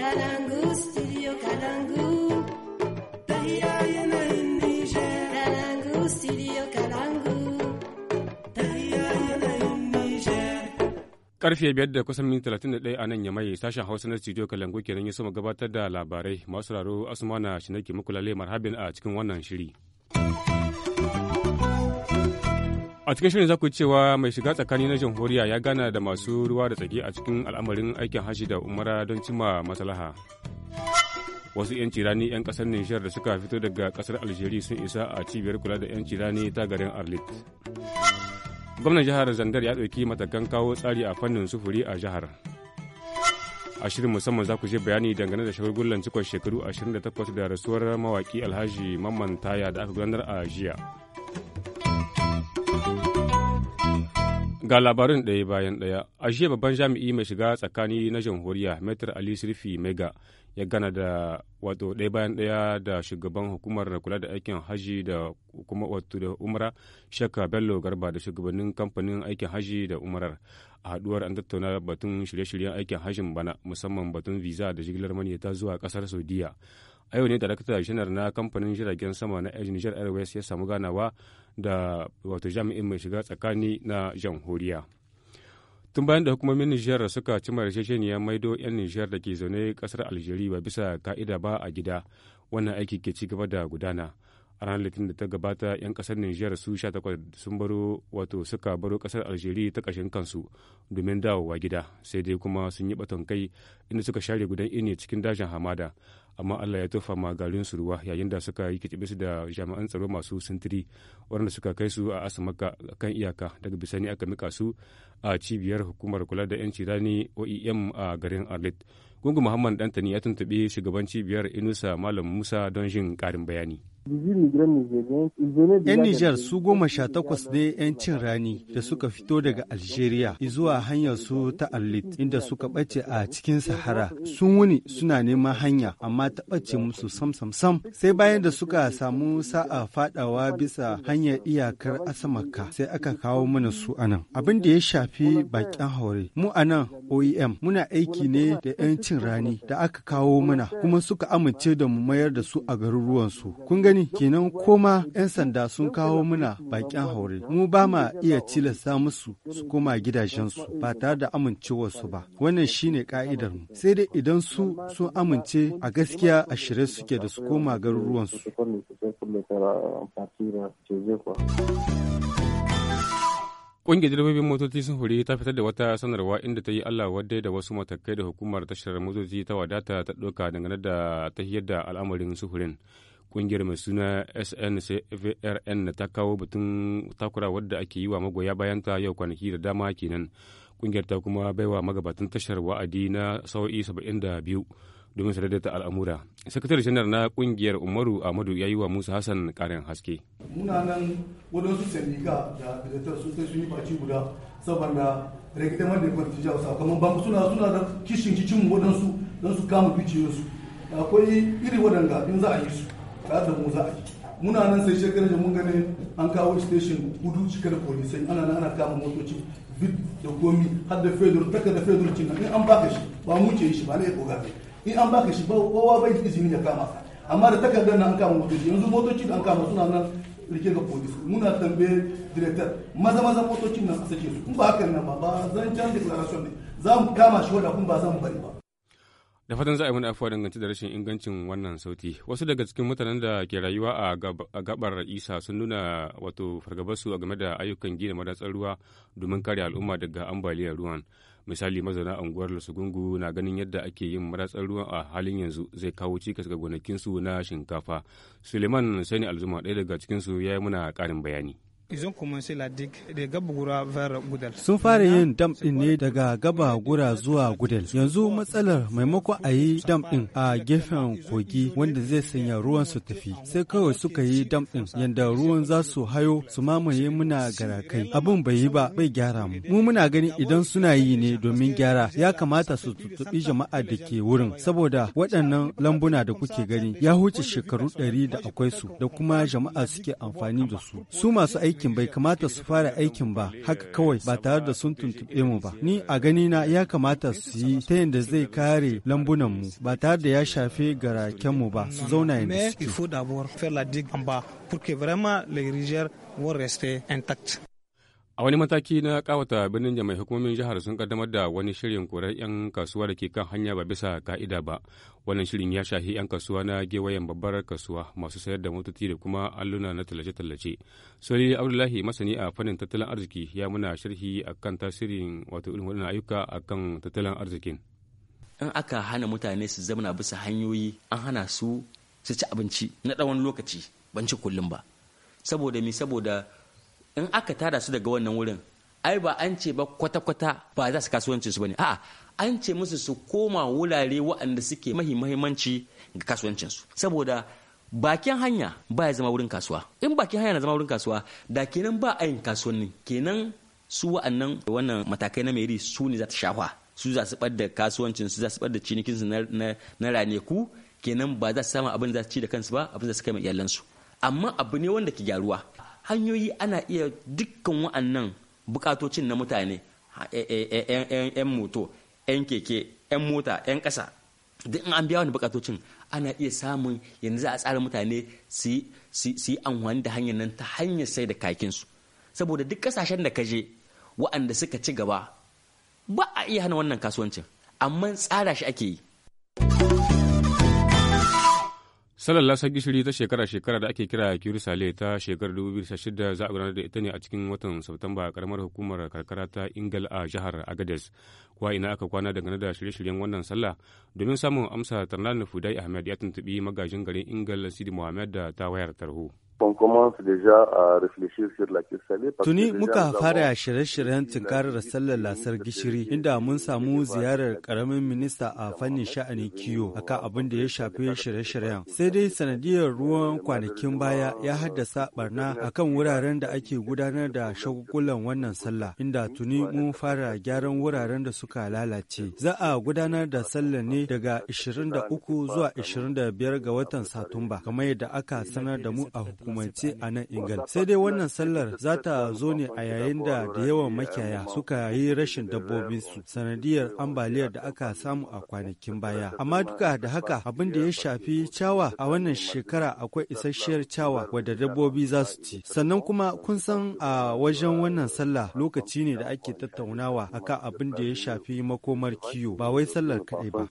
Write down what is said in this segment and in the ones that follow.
studio Karfe biyar da kusan minti talatin da ɗaya a nan yamai sashen Hausa na studio Kalangu kenan ya soma gabatar da labarai masu raro Asmana Shinaki muku lale marhabin a cikin wannan shiri. a cikin shirin za ku cewa mai shiga tsakani na jamhuriya ya gana da masu ruwa da tsaki a cikin al'amarin aikin hashi da umara don cima maslaha wasu 'yan cirani 'yan kasar nijar da suka fito daga kasar algeria sun isa a cibiyar kula da 'yan cirani ta garin arlit gwamnan jihar zandar ya ɗauki matakan kawo tsari a fannin sufuri a jihar a shirin musamman za ku je bayani dangane da shagulgullan cikon shekaru 28 da rasuwar mawaki alhaji mamman taya da aka gudanar a jiya Ga labarin ɗaya bayan ɗaya, a jiya babban jami'i mai shiga tsakani na jamhuriya metro Ali Sirfi Mega ya gana da wato ɗaya bayan ɗaya da shugaban hukumar kula da aikin haji da kuma wato da umara shakka bello garba da shugabannin kamfanin aikin haji da umarar a haduwar an tattauna batun shirye-shiryen aikin hajin bana musamman batun visa da jigilar ta zuwa kasar saudiya a yau ne rakata janar na kamfanin jiragen sama na niger airways ya samu ganawa da wato jami'in mai shiga tsakani na jamhuriya tun bayan da hukumomin nijar suka ci cimma ya maido 'yan nijar da ke zaune kasar algeria ba bisa ka'ida ba a gida wannan aiki ke ci gaba da gudana a ranar litinin da ta gabata 'yan kasar nijar su 18 sun baro wato suka baro kasar algeria ta ƙashin kansu domin dawowa gida sai dai kuma sun yi baton kai inda suka share gudan ini cikin dajin hamada amma Allah ya tofa ma garin su ruwa yayin da suka yi kicibis da jami'an tsaro masu sintiri waɗanda suka kai su a asamaka kan iyaka daga bisani aka mika su a cibiyar hukumar kula da 'yanci rani oem a garin arlit Gungu Muhammad Dantani ya tuntuɓi shugaban cibiyar Inusa Malam Musa don jin ƙarin bayani. 'Yan Nijar su goma sha takwas ne 'yan cin rani da suka fito daga Algeria zuwa hanyar su ta Arlit inda suka ɓace a cikin Sahara. Sun wuni suna neman hanya amma ta bace musu sam sam sam sai bayan da suka samu sa'a fadawa bisa hanyar iyakar Asamaka sai aka kawo mana su anan. Abin da ya shafi bakin haure. Mu anan OEM muna aiki ne da 'yan cin rani da aka kawo mana kuma suka amince da mu mayar da su a garuruwansu. Kun gani kenan koma 'yan sanda sun kawo mana bakin haure. Mu ba ma iya tilasta musu su koma gidajensu ba tare da amincewarsu ba. Wannan shine ka'idar mu. Sai dai idan su sun amince a gaskiya a shirye suke da su koma garuruwansu. Ƙungiyar direbobin motoci sun huri ta fitar da wata sanarwa inda ta yi Allah wadda da wasu matakai da hukumar tashar motoci ta wadata ta ɗauka dangane da ta da al'amarin sufurin. Ƙungiyar mai suna SNCVRN ta kawo batun takura wadda ake yi wa magoya bayanta yau kwanaki da dama kenan. Ƙungiyar ta kuma baiwa magabatan tashar wa'adi na sau'i saba'in da biyu. domin su daidaita al'amura sakatare janar na kungiyar umaru ahmadu ya yi wa musa hassan karin haske muna nan wadansu sandika da direktar sun sai sun yi baci guda saboda rikidamar da jawo sakamakon banku suna suna da kishin kicin wadansu don su kama su. akwai iri wadanda in za a yi su tare da mu za a yi muna nan sai shekarar da mun gani an kawo station hudu cikar polisai ana nan ana kama motoci bit da gomi har da fedor taka fedor cin in an baka shi ba mu ce shi ba ne ya koga in an baka shi kowa bai da izini ya kama amma da takardar nan an kama motoci yanzu motoci da an kama suna nan rike ga polis muna tambaye director maza maza motocin nan a sake su kun ba nan ba zan can declaration ne za mu kama shi wanda kun ba za mu bari ba da fatan za a yi mana afuwa dangance da rashin ingancin wannan sauti wasu daga cikin mutanen da ke rayuwa a gabar isa sun nuna wato fargabarsu a game da ayyukan gina madatsar ruwa domin kare al'umma daga ambaliyar ruwan misali mazauna unguwar lasugungu na ganin yadda ake yin maratsar ruwa a halin yanzu zai kawo cikas ga gonakinsu na shinkafa suleiman sani alzuma ɗaya daga cikinsu ya yi muna ƙarin bayani Sun fara yin dam ɗin ne daga gaba gura zuwa gudel. Yanzu matsalar maimakon a yi dam ɗin a gefen kogi wanda zai sanya ruwan su tafi. Sai kawai suka yi dam ɗin yadda ruwan za su hayo su mamaye muna garakai. Abin bai yi ba bai gyara mu. Mu muna ganin idan suna yi ne domin gyara ya kamata su tutubi jama'a da ke wurin. Saboda waɗannan lambuna da kuke gani ya huce shekaru ɗari da akwai su da kuma jama'a suke amfani da su. Su masu aiki aikin bai kamata su fara aikin ba haka kawai ba tare da sun tuntuɓe mu ba. Ni a gani na ya kamata su yi ta yadda zai kare lambunan mu ba tare da ya shafe garaken mu ba su zauna yadda suke. A wani mataki na kawata birnin jamai hukumomin jihar sun kaddamar da wani shirin korar 'yan kasuwa da ke kan hanya ba bisa ka'ida ba. Wannan shirin ya shahi 'yan kasuwa na gewayen babbar kasuwa masu sayar da motoci da kuma alluna na tallace-tallace. Soli Abdullahi masani a fannin tattalin arziki ya muna sharhi a kan tasirin wato irin waɗannan ayyuka kan tattalin arzikin. In aka hana mutane su zamana bisa hanyoyi an hana su su ci abinci na ɗawan lokaci ban ci kullum ba. Saboda mi saboda in aka tara su daga wannan wurin ai ba an ce ba kwata-kwata ba za su kasuwancin su bane a'a an ce musu su koma wurare waɗanda suke mahi mahimmanci ga kasuwancinsu saboda bakin hanya ba ya zama wurin kasuwa in bakin hanya na zama wurin kasuwa da kenan ba a yin kasuwanni kenan su waɗannan wannan matakai na meri su ne za ta shafa su za su da kasuwancin su za su da cinikin su na raneku kenan ba za su samu abin da za su ci da kansu ba abin da su kai ma iyalansu amma abu ne wanda ke gyaruwa hanyoyi ana iya dukkan wa'annan bukatocin na mutane 'yan e, e, e, moto 'yan keke 'yan mota 'yan ƙasa duk an biya wani bukatocin ana iya samun yanzu a tsara mutane su yi amfani da hanyar nan ta hanyar sai da kakinsu saboda duk kasashen da ka je wa'anda suka ci gaba ba a iya hana wannan kasuwancin amma tsara shi ake yi Salar lasar gishiri ta shekara-shekara da ake kira Kirisale ta shekarar 2016 za a gudanar da ita ne a cikin watan Satumba a karamar hukumar karkara ta Ingal a jihar Agadez. Kuwa ina aka kwana dangane da shirye-shiryen wannan sallah domin samun amsa Tarnani Fudai Ahmed ya tuntubi magajin garin Ingal Sidi Muhammad da ta wayar tarho. Tuni muka fara shirye-shiryen tunkarar sallar lasar gishiri inda mun samu ziyarar karamin minista a fannin sha'ani kiyo akan abin da ya shafi shirye-shiryen. Sai dai sanadiyar ruwan kwanakin baya ya haddasa barna akan wuraren da ake gudanar da shagulgulan wannan sallah inda tuni mun fara gyaran wuraren da suka lalace. Za a gudanar da sallar ne daga 23 zuwa 25 ga watan Satumba kamar yadda aka sanar da mu a hukumar. hukumance a nan Ingal. Sai dai wannan sallar za ta zo ne a yayin da da yawan makiyaya suka yi rashin dabbobin su sanadiyar ambaliyar da aka samu a kwanakin baya. Amma duka da haka abin da ya shafi cawa a wannan shekara akwai isasshiyar cawa wadda dabbobi za su ci. Sannan kuma kun san a wajen wannan sallah lokaci ne da ake tattaunawa akan abin da ya shafi makomar kiyo ba wai sallar kaɗai ba.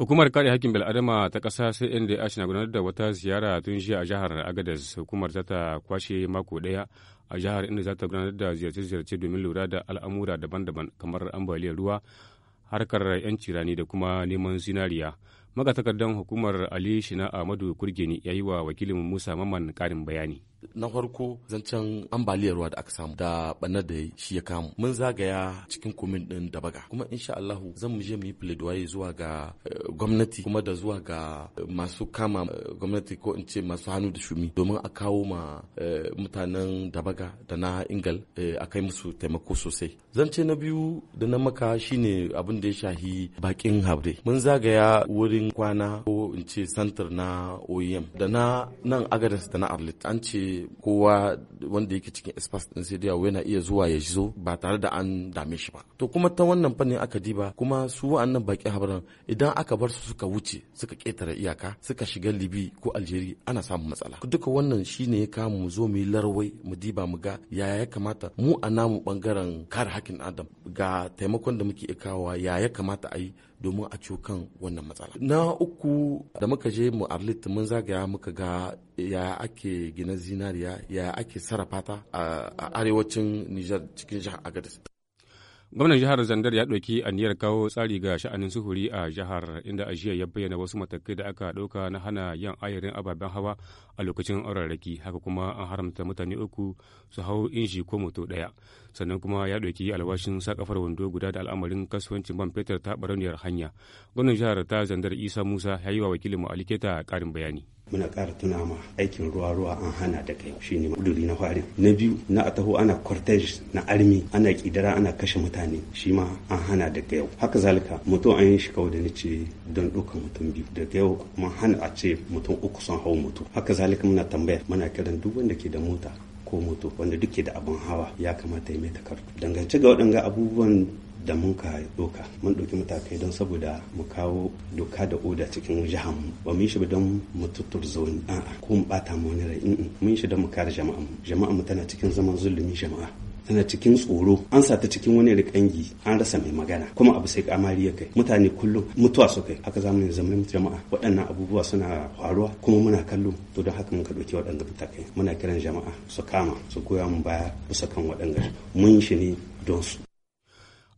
Hukumar kare hakkin bil'adama ta ƙasa inda na gudanar da wata ziyara tun jiya a jihar Agadez. Hukumar ta kwashe mako ɗaya a jihar inda za ta gudanar da ziyarce-ziyarce domin lura da al'amura daban-daban kamar ambaliyar ruwa, harkar 'yanci rani da kuma neman zinariya. Magatakardan hukumar Ali Shina Ahmadu Kurgeni ya yi wa wakilin Musa Maman ƙarin bayani. na farko zancen ambaliyar ruwa da aka samu da banar da shi ya kamu mun zagaya cikin komin din da baga kuma insha Allah zan mu je mu yi pledoyer zuwa ga eh, gwamnati kuma da zuwa ga eh, masu kama eh, gwamnati ko in ce masu hannu da shumi domin a kawo ma mutanen da baga da na ingal a kai musu taimako sosai zance na biyu da na maka shine abin da ya shahi bakin habre mun zagaya wurin kwana ko in ce santar na OEM da na nan agadas da na Arlit an ce kowa wanda yake cikin espas din sai dai yana iya zuwa ya zo ba tare da an dame shi ba to kuma ta wannan fannin aka diba kuma su wa'annan baki habaran idan aka bar su suka wuce suka ketare iyaka suka shiga libi ko aljeri ana samun matsala duka wannan shine ya kama mu zo mu yi larwai mu diba mu ga yaya ya kamata mu a namu bangaren kare hakkin adam ga taimakon da muke kawowa yaya ya kamata ayi. domin a ciwo kan wannan matsala. Na uku da muka je mu Arlit mun zagaya muka ga ya ake gina zinariya ya ake sarrafa ta a arewacin Nijar cikin jihar Agadez. Gwamnan jihar Zandar ya ɗauki aniyar kawo tsari ga sha'anin sufuri a jihar inda a ya bayyana wasu matakai da aka ɗauka na hana yan ayarin ababen hawa a lokacin auraraki haka kuma an haramta mutane uku su hau inji ko moto ɗaya sannan kuma ya ɗauki alwashin sakafar wando guda da al'amarin kasuwancin man fetur ta barauniyar hanya. Gwamnan jihar ta Zandar Isa Musa ya yi wa wakilinmu Aliketa ƙarin bayani. muna ƙara tuna ma aikin ruwa ruwa an hana da kai ne kuduri na fari na biyu na a taho ana cortege na armi ana ƙidara ana kashe mutane shi ma an hana daga yau haka zalika mutum an yi shi kawai da ce don dukkan mutum biyu daga yau kuma hana a ce mutum uku sun hau mutum haka zalika muna tambaya muna kiran duk wanda ke da mota ko moto wanda duke da abin hawa ya kamata ya mai takardu dangance ga waɗanga abubuwan da mun ka doka mun ɗauki matakai don saboda mu kawo doka da oda cikin jihar mu ba mu yi shi ba don mu tuttur zaune a'a ko mu bata mu wani rai mun yi shi don mu kare jama'a mu jama'a mu tana cikin zaman zulumi jama'a tana cikin tsoro an sata ta cikin wani rikangi an rasa mai magana kuma abu sai kamari ya kai mutane kullum mutuwa su kai haka zamu ne zama jama'a waɗannan abubuwa suna faruwa kuma muna kallo to don haka muka ɗauki waɗanda matakai muna kiran jama'a su kama su goya mu baya bisa kan waɗanda mun shi ne don su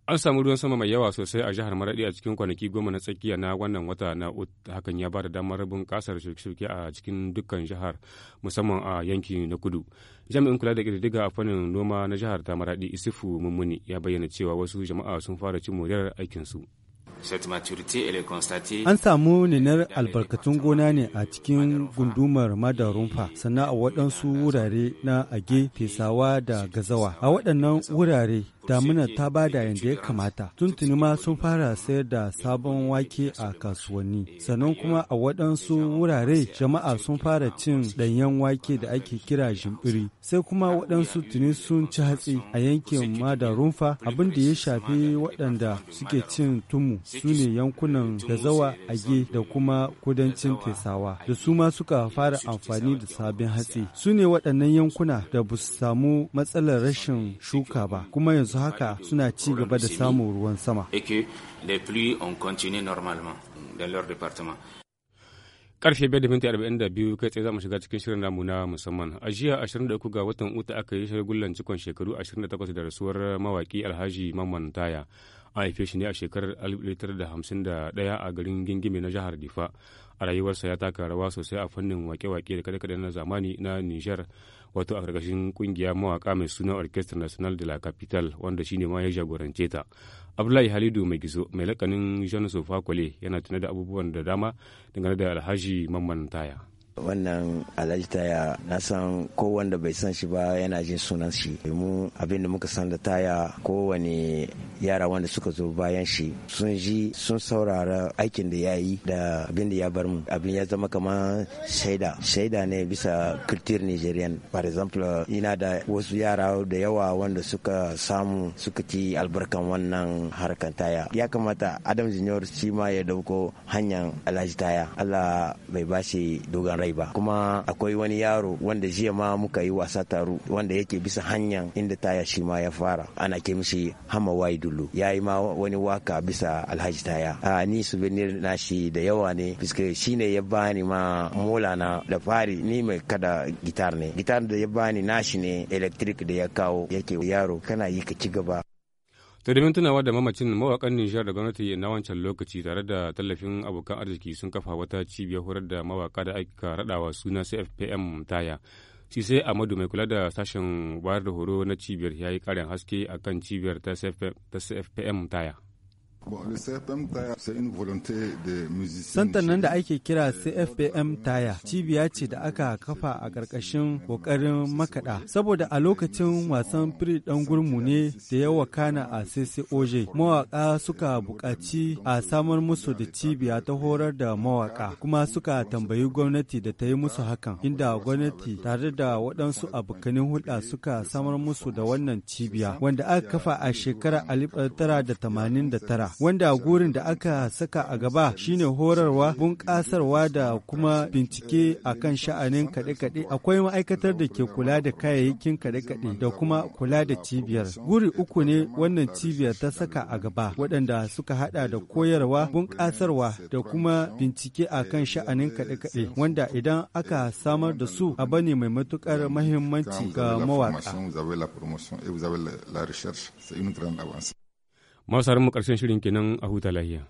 an samu ruwan sama mai yawa sosai a jihar maradi a cikin kwanaki goma na tsakiya na wannan wata na ut hakan ya bada damar rabin kasar shuke shirke a cikin dukkan jihar musamman a yanki na kudu jami'in kula da ƙididdiga a fannin noma na jihar ta maradi isifu mummuni ya bayyana cewa wasu jama'a sun fara cin moriyar aikinsu An samu ninar albarkatun gona ne a cikin gundumar Madarumfa, sannan a waɗansu wurare na Age, Fesawa da Gazawa. A waɗannan wurare damina ta bada yadda ya kamata. Tuntuni ma sun fara sayar da sabon wake a kasuwanni. Sannan kuma a waɗansu wurare jama'a sun fara cin ɗanyen wake da ake kira jimbiri Sai kuma waɗansu tuni sun ci hatsi a yankin Mada Rumfa abin da ya shafi waɗanda suke cin tumu su ne yankunan da zawa age da kuma kudancin tesawa da su ma suka fara amfani da sabon hatsi. Su ne waɗannan yankuna da ba su samu matsalar rashin shuka ba kuma yanzu yanzu haka suna ci gaba da samun ruwan sama. Karfe biyu kai tsaye za mu shiga cikin shirin namu na musamman. A jiya 23 ga watan Uta aka yi shagullan cikon shekaru 28 da rasuwar mawaki Alhaji Mamman Taya. An haife shi ne a shekarar 1951 a garin gingimi na jihar Difa. A rayuwarsa ya taka rawa sosai a fannin wake-wake da kaɗe-kaɗe na zamani na Nijar. wato a ƙarƙashin ƙungiya mawaƙa mai suna Orchestra National de la Capital wanda shine ma ya jagorance ta. Abdullahi Halidu mai gizo mai lakanin Jean Sofa Kwale yana tuna da abubuwan da dama dangane da Alhaji Mamman Taya. wannan alhaji taya na san ko bai san shi ba yana jin sunan shi mu abin da muka san da taya kowane yara wanda suka zo bayan shi sun ji sun saurara aikin da ya yi da abin da ya bar mu abin ya zama kama shaida shaida ne bisa kirtir nigerian for example ina da wasu yara da yawa wanda suka samu suka ci albarkan wannan harkan taya ya kamata adam junior shi ma ya dauko hanyar alhaji taya allah bai bashi dogon rai ba kuma akwai wani yaro wanda jiya ma muka yi wasa taro wanda yake bisa hanyar inda taya shi ma ya fara ana ke mishi hama wai dulu ya yi ma wani waka bisa alhaji taya a ni souvenir na shi da yawa ne fiske shi ne ya bani ma mola na da fari ni mai kada gitar ne gitar da ya bani nashi ne electric da ya kawo yake yaro kana yi ka ci gaba ta domin tunawa da mamacin mawakan Nijar da gwamnati na wancan lokaci tare da tallafin abokan arziki sun kafa wata cibiyar horar da mawaka da aika raɗawa suna CFPM taya. Sise Amadu mai kula da sashen bayar da horo na cibiyar ya yi ƙarin haske akan cibiyar ta CFPM taya. Santan nan da ake kira CFPM Taya cibiya ce da aka kafa a ƙarƙashin ƙoƙarin makaɗa. Saboda a lokacin wasan firi ɗan gurmu ne da ya wakana a CCOJ, mawaƙa suka buƙaci a samar musu da cibiya ta horar da mawaƙa, kuma suka tambayi gwamnati da ta yi musu hakan, inda gwamnati tare da waɗansu abokanin hulɗa suka samar musu da wannan cibiya, wanda aka kafa a shekarar 1989. wanda gurin da aka saka a gaba shine horarwa bunƙasarwa da kuma bincike akan sha'anin kaɗe-kaɗe akwai ma'aikatar da ke kula da kayayyakin kaɗe-kaɗe da kuma kula da cibiyar guri uku ne wannan cibiyar ta saka a gaba waɗanda suka haɗa da koyarwa bunƙasarwa da kuma bincike akan sha'anin kaɗe-kaɗe wanda idan aka samar da su a bane mai matuƙar mahimmanci ga mawaƙa. masu mu ƙarshen shirin kenan a huta lahiya.